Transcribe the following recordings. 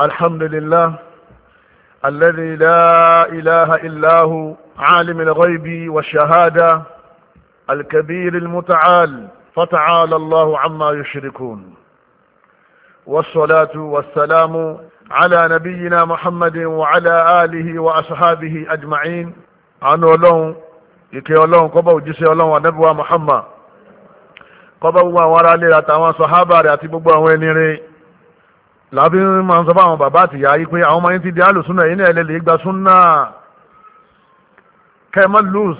الحمد لله الذي لا إله إلا هو عالم الغيب والشهادة الكبير المتعال فتعالى الله عما يشركون والصلاة والسلام على نبينا محمد وعلى آله وأصحابه أجمعين عن ولون ike ọlọ́run kọ́bọ̀ òjíṣẹ́ ọlọ́run anábíwá muhammad kọ́bọ̀ gbogbo àwọn ará ilé àtàwọn sọ̀hábà rẹ̀ àti làbí máa ń sọ fáwọn bàbá àti ìyá yìí pé àwọn ọmọ yín ti di àlùsúnà yìí náà ẹlẹ́lẹ́ gba súnà kẹ́mọ́ lose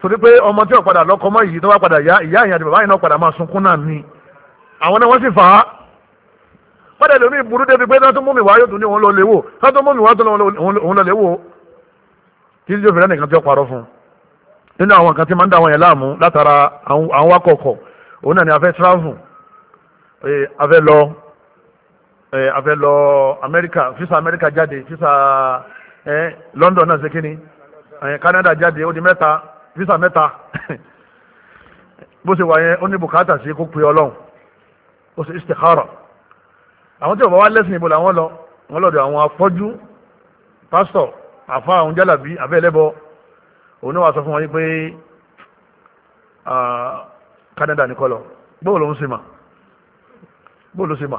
torí pé ọmọ tí ó padà mọ́ yìí tó bá padà yá ìyá ìyá àti bàbá yìí náà padà máa sunkún náà ni àwọn náà wọ́n sì fà á padà lómi burú débi pé tó mú mi wá yóò tún ní òun lọ léwò tó mú mi wá tó òun lọ léwò kí ló fìlẹ́ nìkan tí ó parọ́ fún nínú àwọn nǹkan tí máa ń dá àwọn yẹn láàmú látara àwọn wákọ̀ọ̀kọ̀ òun náà ni a fẹ́ travel a fẹ́ lọ afẹ́ lọ amẹ́ríkà fisa amẹ́ríkà jáde fisa london náà ṣe canada jáde ó di mẹ́ta fisa mẹ́ta bó ṣe wà yẹn ó ní bùkátà sí kó pe ọlọ́run ó ṣe istikhara àwọn tí ò bá wá lẹ́sìn ìbò làwọn lọ wọn lọ́dọ̀ àwọn afọ́jú pásítọ̀ àfa àwọn jálàbí abẹ́lẹ́bọ òun náà wà sọ fún wọn yí pé canada nìkan lọ bóòlù ń sèmà bóòlù sèmà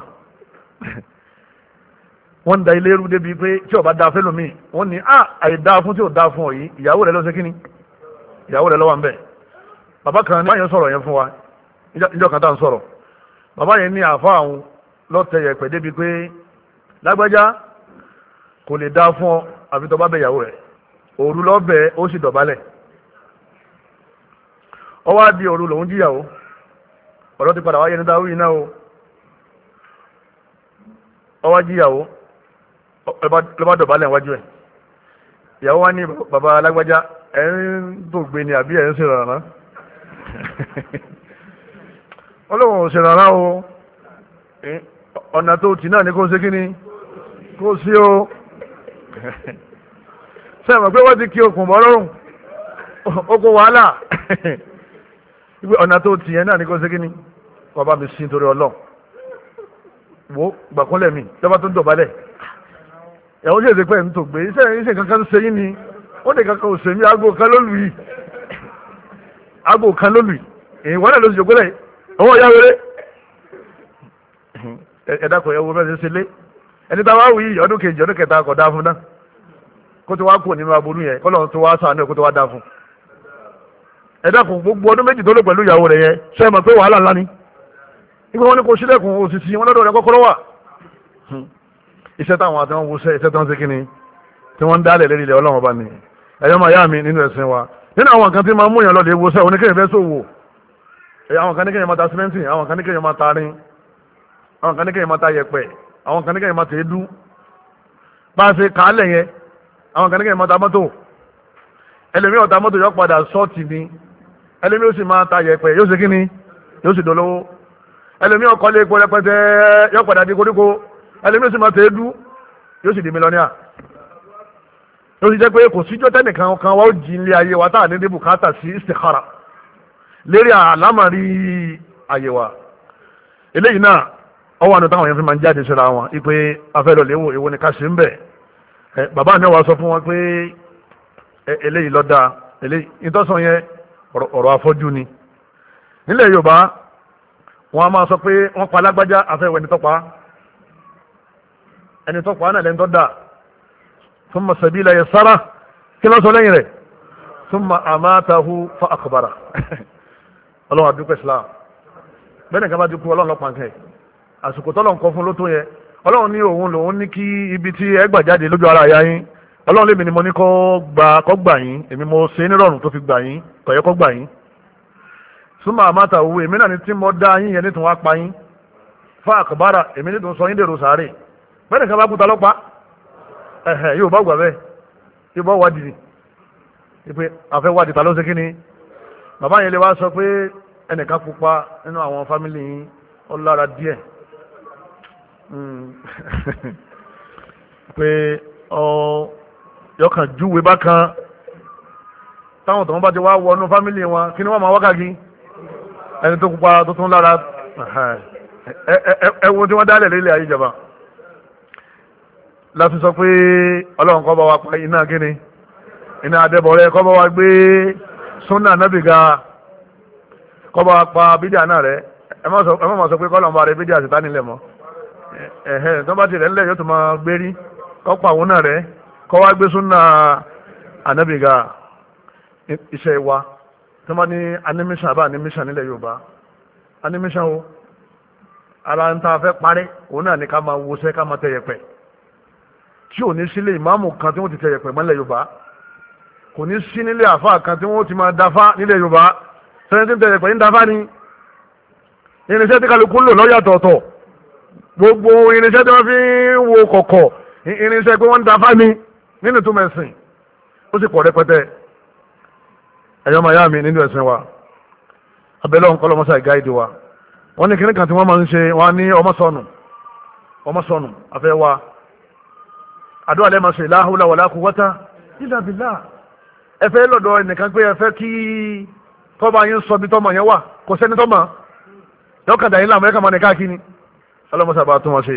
wọ́n ń da ilé rú débi pé tí ọba da fẹ́lòmíì wọ́n ní à ah, àìdá fún tí ò dá fún ọ yìí ìyàwó rẹ̀ lọ́sẹ̀ kínní ìyàwó rẹ̀ lọ́wọ́ ń bẹ̀ bàbá kan ní báyẹn sọ̀rọ̀ yẹn fún wa níjọ́ kan tá à ń sọ̀rọ̀ bàbá yẹn ní àfa àwọn lọ́tẹ̀ yẹ pẹ̀ débi pé lágbájá kò lè dá fún ọ àfi tó bá bẹ ìyàwó rẹ̀ òru lọ́bẹ̀ ó sì dọ̀bálẹ̀ ọwọ́ á di òru lòún jíyàwó ọ̀rọ̀ ti padà wáyé ní dáwọ́ yìí náà ọwá jíyàwó lọ́bá dọ̀bálẹ̀ wájú ẹ̀ ìyàwó wá ní bàbá alágbájá ẹ̀ ń dògbé ni àbí ẹ̀ ń ṣèrànà ọlọ́wọ̀n ò ṣèrànà o ọ̀nà tó tì náà ni kò ṣe kí ni kò sí o sẹ́wọ̀n pé wọ́n ti kí okùn bọ́ lọ́rùn okùn wàhálà ọ̀nà tó tì yẹn náà ni kò ṣe kí ni wọ́n bá mi sí nítorí ọlọ́run wo gbàkúnlẹ̀ mi lọ́ba tó ń dọ̀bálẹ̀ ìyàwó ṣèṣe Ya ń tò gbé iṣẹ́ iṣẹ́ kankan ṣe yín ni ó lè kankan ò sèmi aago kan ló lù yìí aago kan ló lù yìí ya wọ́n náà ló ti jòkó lẹ̀ ya wo bẹ́ẹ̀ ṣe lé ẹni tá a wá wù yìí ọdún kejì ọdún kẹta kò dáa fún náà kó tó wá kú gbogbo ọdún méjì tó lò pẹ̀lú ìyàwó yẹn mọ̀ pé wàhálà ni. nígbà wọn ní kò sílẹ̀kùn òsìsì wọn lọ́dọ̀ rẹ̀ kọ́kọ́rọ́ wà hmm. iṣẹ́ táwọn àti wọn wọṣẹ́ iṣẹ́ tó ń ṣe ni tí wọ́n ń dálẹ̀ lérí ilẹ̀ ọlọ́run ọba ni ẹ̀yọ́ máa yá mi nínú ẹ̀sìn wa nínú àwọn nǹkan tí máa mú yàn lọ́lẹ̀ wọṣẹ́ oníkẹ́yìn fẹ́ sòwò àwọn kan ní kẹ́yìn máa ta símẹ́ǹtì àwọn kan ní kẹ́yìn máa ta rin àwọn kan ní kẹ́yìn máa ta yẹ̀pẹ̀ àwọn kan ní kẹ́yìn máa ta èédú bá a ṣe kàálẹ̀ yẹn àwọn kan máa ta mọ́tò ẹlẹ́mí ọ̀tá mọ́tò yọ padà ṣọ́ọ̀tì ni ẹlẹ́mí ó sì máa ta yẹ̀pẹ̀ yóò ṣe kí ni yóò sì dolówó ẹlòmíì ọkọ lè gbọ́ rẹpẹtẹ yọ padà di koríko ẹlòmíì sì máa tẹ̀ dú yóò sì di mílíọ̀nìà yóò sì jẹ́ pé kò síjọ́ tẹ́nìkan kan wá ó jí ilé ayé wa tá à ní dé bùkátà sí istikhara lérí àlámàrí ayé wa eléyìí náà ọwọ́ àná táwọn yẹn fi máa ń jáde síra wọn ipe afẹ́lọ́lẹ́wò èwo ni ká sí ń bẹ̀ bàbá mi wàá sọ fún wọn pé e, eléyìí lọ́dà eléyìí ìtọ́sán yẹn ọ̀rọ̀ afọ́jú ni nílẹ̀ Yorùbá wọ́n a máa sọ pé wọ́n pa alágbájá àfẹ́wẹ̀ ẹni tọ́pa ẹni tọ́pa náà lẹ́ni tọ́ da thumma sabila yasara kí lọ́sọ lẹ́yìn rẹ̀ thumma amatahu fa akbara ọlọ́run àdúgbò islam bẹ́ẹ̀ nìkan bá dúkú ọlọ́run lọ́pàá nǹkan àsìkò tọ́lọ̀ ń kọ fún lótó yẹn ọlọ́run ní òun lòun ní kí ibi tí ẹ gbà jáde lójú ara àyà yín ọlọ́run lèmi ni mo ní kọ́ gbà yín èmi mo ṣe é nírọ̀rùn tó fi gbà yín kọ̀yẹ́ kọ́ gbà yín súnmọ́ àmàtà òwe èmi náà ni tí mo dá yín yẹn ní tí wọ́n á pa yín fún àkàbàrà èmi ní tí wọ́n sọ yín dèrò sàárè bẹ́ẹ̀ nìkan bá kú ta lọ́pàá ẹ̀hẹ̀ yóò bá gbà bẹ́ẹ̀ yóò bá wá dìdì ipe àfẹ́ wá dìtà ló ṣe kí ni bàbá yẹn lè wá sọ pé ẹnìkan pupa nínú àwọn fámìlì yín ó lára díẹ̀ hmm. pé yọkàn júwe bákan táwọn tó wọn bá ti wá wọnú fámìlì wọn kí ni wọn máa wákàgí. ẹni tó pupa tó tún lára ẹwọ tí wọ́n dálẹ̀ lélẹ̀ ayéjọba láti sọ pé ọlọ́run kọ́ bá wa pa iná kíni iná adẹ́bọ̀rẹ́ kọ́ bá wa gbé súnà nábìgà kọ́ bá wa pa bídíà náà rẹ ẹ má sọ pé kọ́lọ̀ ń bá rẹ bídíà sì mọ́ tó bá rẹ̀ yóò tún máa tí wọ́n ní animation àbá animation nílẹ̀ Yorùbá animation o ara ń ta fẹ́ parí òun náà ní ká máa wọṣẹ́ ká máa tẹ̀yẹ̀pẹ̀ tí ò ní sílé ìmáàmù kan tí wọ́n ti tẹ̀yẹ̀pẹ̀ mọ́lẹ̀ Yorùbá kò ní sí nílé àfa kan tí wọ́n ti máa dáfá nílẹ̀ Yorùbá sẹ́yìn tí ń tẹ̀yẹ̀pẹ̀ ń dáfá ni irinṣẹ́ tí kálukú lò lọ́yàtọ̀ọ̀tọ̀ gbogbo irinṣẹ́ tí wọ́n fi ń wo kọ̀kọ̀ irinṣẹ́ pé wọ́n ń dáfá ni nínú túmẹ̀sìn ó sì pọ̀ rẹpẹtẹ ẹ̀yọ́ máa yá mi nínú ẹ̀sìn wa abẹ́lẹ́ òǹkọ́ lọ́mọ́sá ìgá ìdí wa wọ́n ní kíní kan tí wọ́n máa ń ṣe wọ́n ní ọmọ sọnù ọmọ sọnù afẹ́ wa àdúrà lẹ́ẹ̀ máa ṣe la hawla wala quwwata illa billah ẹ fẹ́ lọ́dọ̀ ẹnìkan pé ẹ fẹ́ kí tọ́ba yín sọ bí tọ́mọ yẹn wà kò sẹ́ni tọ́mọ yọkàdà yín làwọn ẹ̀ka máa ní káàkiri ọlọ́mọsá bá tún wọn ṣe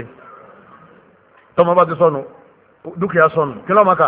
tọ́mọ bá ti sọnù dúkìá sọnù kí lọ́mọ kà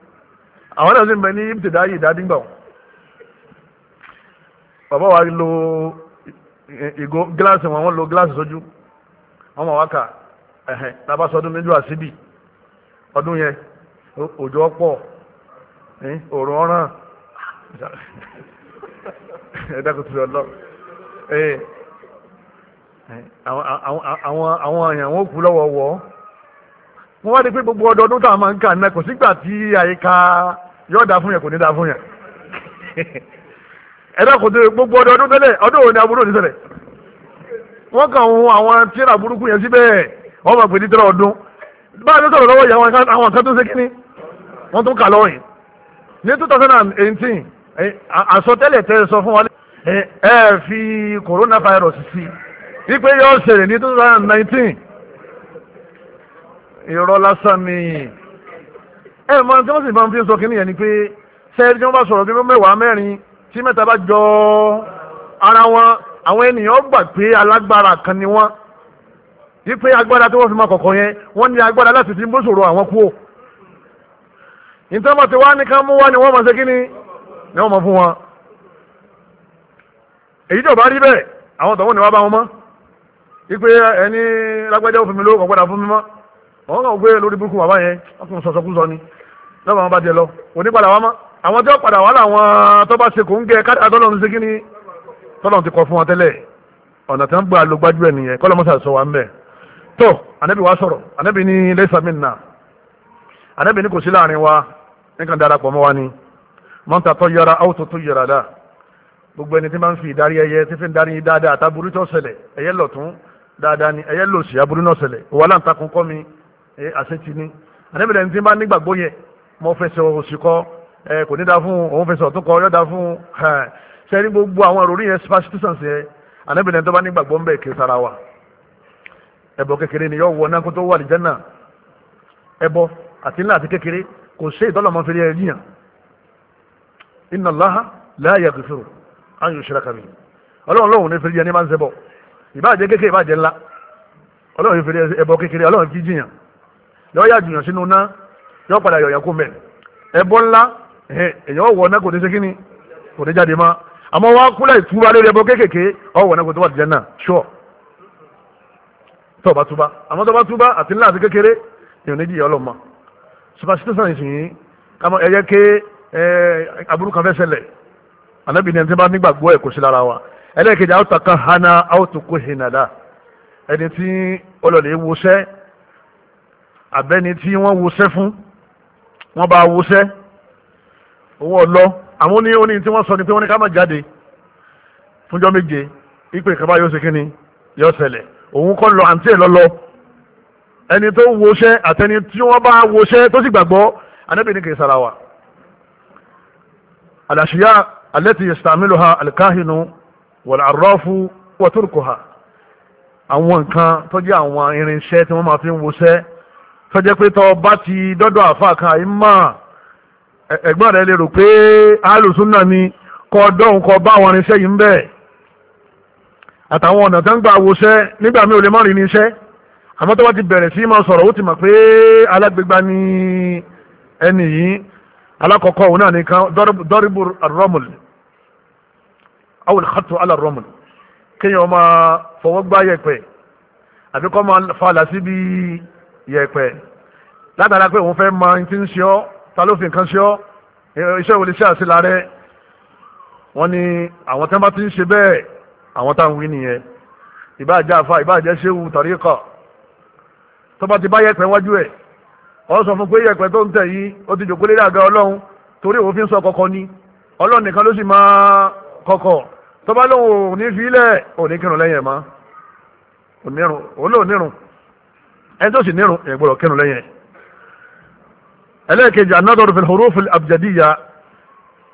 a àwọn náà sì ń bẹ ní ibùdó yìí dádìgbà wọn bàbá wa lo ìgò gíláàsì wọn wọn lo gíláàsì sójú wọn mọ wákà ẹhẹn lábá sọdún méjì wá síbì ọdún yẹn òjò pọ̀ òrùn ọ̀ràn ẹ̀dá kò tóbi ọlọ àwọn àwọn àwọn àyàn wọn kú lọ́wọ́ wọ wọ́n wá di pé gbogbo ọdọọdún táwọn máa ń kà náà kò sígbà tí àyíká yóò dá fún yẹn kò ní dá fún yẹn ẹ̀dá kò tó gbogbo ọdọọdún tẹ́lẹ̀ ọdún òní aburú òní ṣẹlẹ̀ wọ́n kàn ń àwọn tíra burúkú yẹn síbẹ̀ wọ́n máa pè ní tíra ọdún bá a ti sọ̀rọ̀ lọ́wọ́ yẹn àwọn kan tó ń ṣe kínní wọ́n tún kà lọ́wọ́ yìí ní two thousand and eighteen àsọtẹ́lẹ̀ tẹ́ sọ fún wa ẹ fi coronavirus sí wípé yóò ṣẹlẹ̀ ní two thousand and nineteen irọ́ lásán ni ẹ mọ tí wọ́n sì máa ń fi sọ kínní yẹn ni pé sẹ́ẹ̀rì tí wọ́n bá sọ̀rọ̀ pé mẹ́wàá mẹ́rin tí mẹ́ta bá jọ ara wọn àwọn ènìyàn gbà pé alágbára kan ni wọ́n yí pé agbára tí wọ́n fi máa kọ̀kọ̀ yẹn wọ́n ní agbára láti fi ń bóṣòro àwọn kú o ìtọ́mọ̀ tí wàá ní ká mú wá ni wọ́n máa ṣe kínní ni wọ́n máa fún wọn èyí tó bá rí bẹ́ẹ̀ àwọn tọ̀wọ́n ni wọ́n bá wọn mọ́ yí pé ẹni lágbájá òfin mi ló kọ̀ padà fún mi mọ́ wọn kàn gbé lórí burúkú bàbá yẹn wọn kàn sọsọ kú sọ ni lọ́wọ́ àwọn bá jẹ lọ onípadà wa mọ́ àwọn tó padà wà láwọn tó bá ṣe kò ń gẹ káàdà tọ́lọ́run ṣe kí ni tọ́lọ́run ti kọ fún wọn tẹ́lẹ̀ ọ̀nà tí wọ́n gbà ló gbájú ẹ̀ nìyẹn kọ́lọ́ mọ́sà sọ wa ń bẹ̀ tó ànábì wa sọ̀rọ̀ ànábì ní laysa minna ànábì ni kò sí láàrin wa nǹkan darapọ̀ mọ́ wa ni man tatayyara aw tutayyara la gbogbo ẹni tí máa ń fi ìdarí ẹyẹ tí fi ń darí dáadáa àtàbúrú tó ṣẹlẹ̀ ẹyẹ lọ̀tún dáadáa ni ẹyẹ lòsì aburú náà ṣẹlẹ̀ wàhálà Eh, àṣetì ni àdébìlẹ̀ ní tí bá nígbàgbọ́ yẹn mo fẹsẹ̀ òsì kọ eh, kò ní da fún òun fẹsẹ̀ ọ̀tún kọ da fún sẹ́ni gbogbo àwọn ìròrí yẹn superstitions yẹn àdébìlẹ̀ tó bá nígbàgbọ́ ń bẹ̀ wa ẹbọ kékeré ni wọ náà kó tó wà ẹbọ àti àti kékeré kò ọlọ́run yọ ya jùyàn sínú ná yọ padà yọ yẹn kó mẹ ẹbọ ńlá èyàn wọ náà kò ní ṣe kíni kò ní jáde má àmọ́ wá kúlẹ̀ ìtura lórí ẹbọ kéékèèké ọwọ́ náà kò tó wà jẹ́ náà ṣọ́ tọ́ba túbá àmọ́ tọ́ba túbá àti ńlá àti kékeré èèyàn ní jìyà ọlọ́mọ superstition ìsìn kámọ ẹyẹ ké aburú kan fẹ́ ṣẹlẹ̀ anábì ní ẹni tí bá nígbàgbọ́ ẹ̀ kò sí lára wa ẹlẹ́ẹ̀kejì àwọn hana àwọn tó kó hinada ẹni tí ọlọ́lẹ̀ àbẹ́ni tí wọ́n wusẹ́ fún wọ́n bá wusẹ́ owó ọlọ́ àwọn oní oní tí wọ́n sọ ni pé wọ́n ní ká má jáde fúnjọ́ méje ìpè kaba yóò ṣe kí ni yóò ṣẹlẹ̀ òun kọ́ lọ àǹtí ẹ̀ lọ́lọ́ ẹni tó wosẹ́ àtẹni tí wọ́n bá wosẹ́ tó sì gbàgbọ́ anábì ní sara wa àlàṣíyá alẹ́tì ìsàmìlò ha alikahinu wọ̀lá àrọ́fù wọ́túrùkù ha àwọn nǹkan tó jẹ́ àwọn irinṣẹ́ tí wọ́n máa fi ń tọ́jẹ́ pé tọ́ bá ti dọ́dọ̀ àfa kan àyè mọ́ ẹ̀gbọ́n rẹ̀ lè rò pé alùsùnà ni kọ́ dọ́hùn kọ́ bá àwọn irinṣẹ́ yìí ń bẹ̀ àtàwọn ọ̀nà tó ń gbà wọṣẹ́ nígbà mi ò lè má rìn níṣẹ́ àmọ́ tó bá ti bẹ̀rẹ̀ sí máa sọ̀rọ̀ ó ti mọ̀ pé alágbègbà ni ẹni yìí alákọ̀ọ́kọ́ òun náà nìkan dọ́rìbù rọ́mùl awùl xatu ala rọ́mùl kéèyàn máa fọwọ́ gbá yẹ̀pẹ̀ àbíkọ́ máa falà síbi. Si yẹpẹ látara pé òun fẹ́ mọ ẹni tí ń ṣe ọ́ ta ló fi nǹkan ṣe ọ́ iṣẹ́ ìwòlè iṣẹ́ àṣìlá rẹ wọ́n ní àwọn tí wọ́n bá ti ń ṣe bẹ́ẹ̀ àwọn táwọn wí nìyẹn ìbáàjẹ́ àfa ìbáàjẹ́ ṣéwu tàríkọ̀ tó bá ti bá yẹpẹ wájú ẹ̀ ọ sọ fún pé yẹpẹ tó ń tẹ̀ yìí ó ti jòkó lérí àga ọlọ́run torí òun fi ń sọ kọ̀kọ̀ ni ọlọ́run nìkan ló sì máa kọ̀kọ̀ tó bá lóun ò ní fi ilẹ̀ òní kírun lẹ́yìn ẹ̀ má onírun ẹni tó sì nírun ẹ gbọ́dọ̀ kírun lẹ́yìn ẹ̀ ẹlẹ́ẹ̀kejì anadọ́rọ̀ fil huruf abjadiya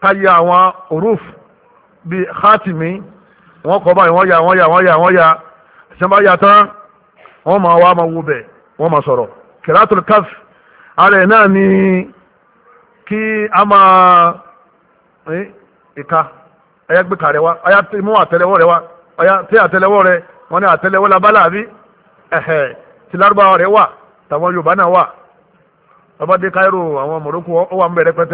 ká yẹ àwọn huruf bíi khatimi wọ́n kọ́ báyìí wọ́n ya wọ́n ya wọ́n ya wọ́n ya sẹ́mbà ya tán wọ́n máa wá máa wo bẹ̀ wọ́n máa sọ̀rọ̀ kìlátùl káf ara náà ni kí a máa ìka ẹ̀yà gbé kàrẹ́ wa ọ̀yà mú àtẹ́lẹwọ́ rẹ wa ọ̀yà tí àtẹ́lẹwọ́ rẹ wọ́n ní àtẹ́lẹwọ́ labálàbí ẹ̀hẹ̀ ti lárúbáwá rẹ̀ wà tàwọn yorùbá náà wà ọba dé cairo àwọn morocco ó wà ń bẹ̀rẹ̀ wà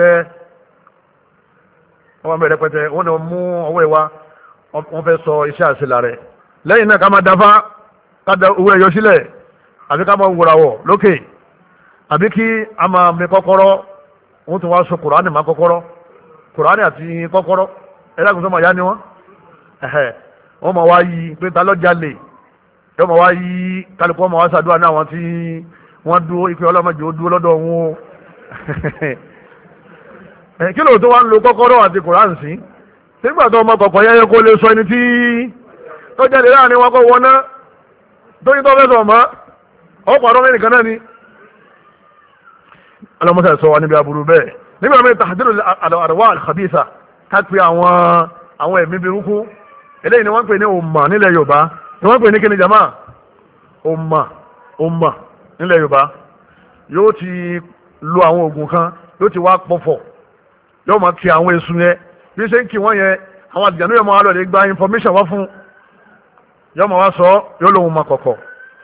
ń wọ́n náà mú ọwọ́ ẹ̀ wá wọ́n fẹ́ sọ iṣẹ́ àṣìlá rẹ̀ lẹ́yìn náà ká máa dáfá ká da owó ẹ̀yọ sílẹ̀ àbí ká máa lókè àbí kí a máa mi ni máa wá yí ta lọ́jà lè yóò mọ̀ wá yí kálukú ọmọ wá sàdúrà náà wọn tí wọ́n dúró ìpè ọlọ́mọdé ó dúró lọ́dọ̀ wọn o kí lóòótọ́ wa ń lo kọ́kọ́rọ́ àti koran sí nígbà tó ọmọ kọ̀ọ̀kan yẹ́yẹ́ kó lè sọ ẹni tí tó jáde láàrin wọn kó wọná tó yí tó fẹ́ sọ̀ mọ́ ọ̀ pàdánù ẹnìkan náà ni alamọ́sá sọ wa níbi aburú bẹ́ẹ̀ nígbà mẹ́rin tahadiru àdàwà àlùkàbíyèsà ká pe àwọn àwọn ẹ̀mí burúkú eléyìí ni wọ́n ń pè ní òmà nílẹ̀ Yorùbá ni wọ́n pè ní kíni jama ọmọ ọmọ nílẹ̀ yorùbá yóò ti lo àwọn oògùn kan yóò ti wá pọ̀fọ̀ yóò máa kí àwọn èsùn yẹn bí ṣe ń kí wọ́n yẹn àwọn àdìjànú yóò máa lọ lè gba information wá fún yóò máa wá sọ yóò lóun máa kọ̀kọ̀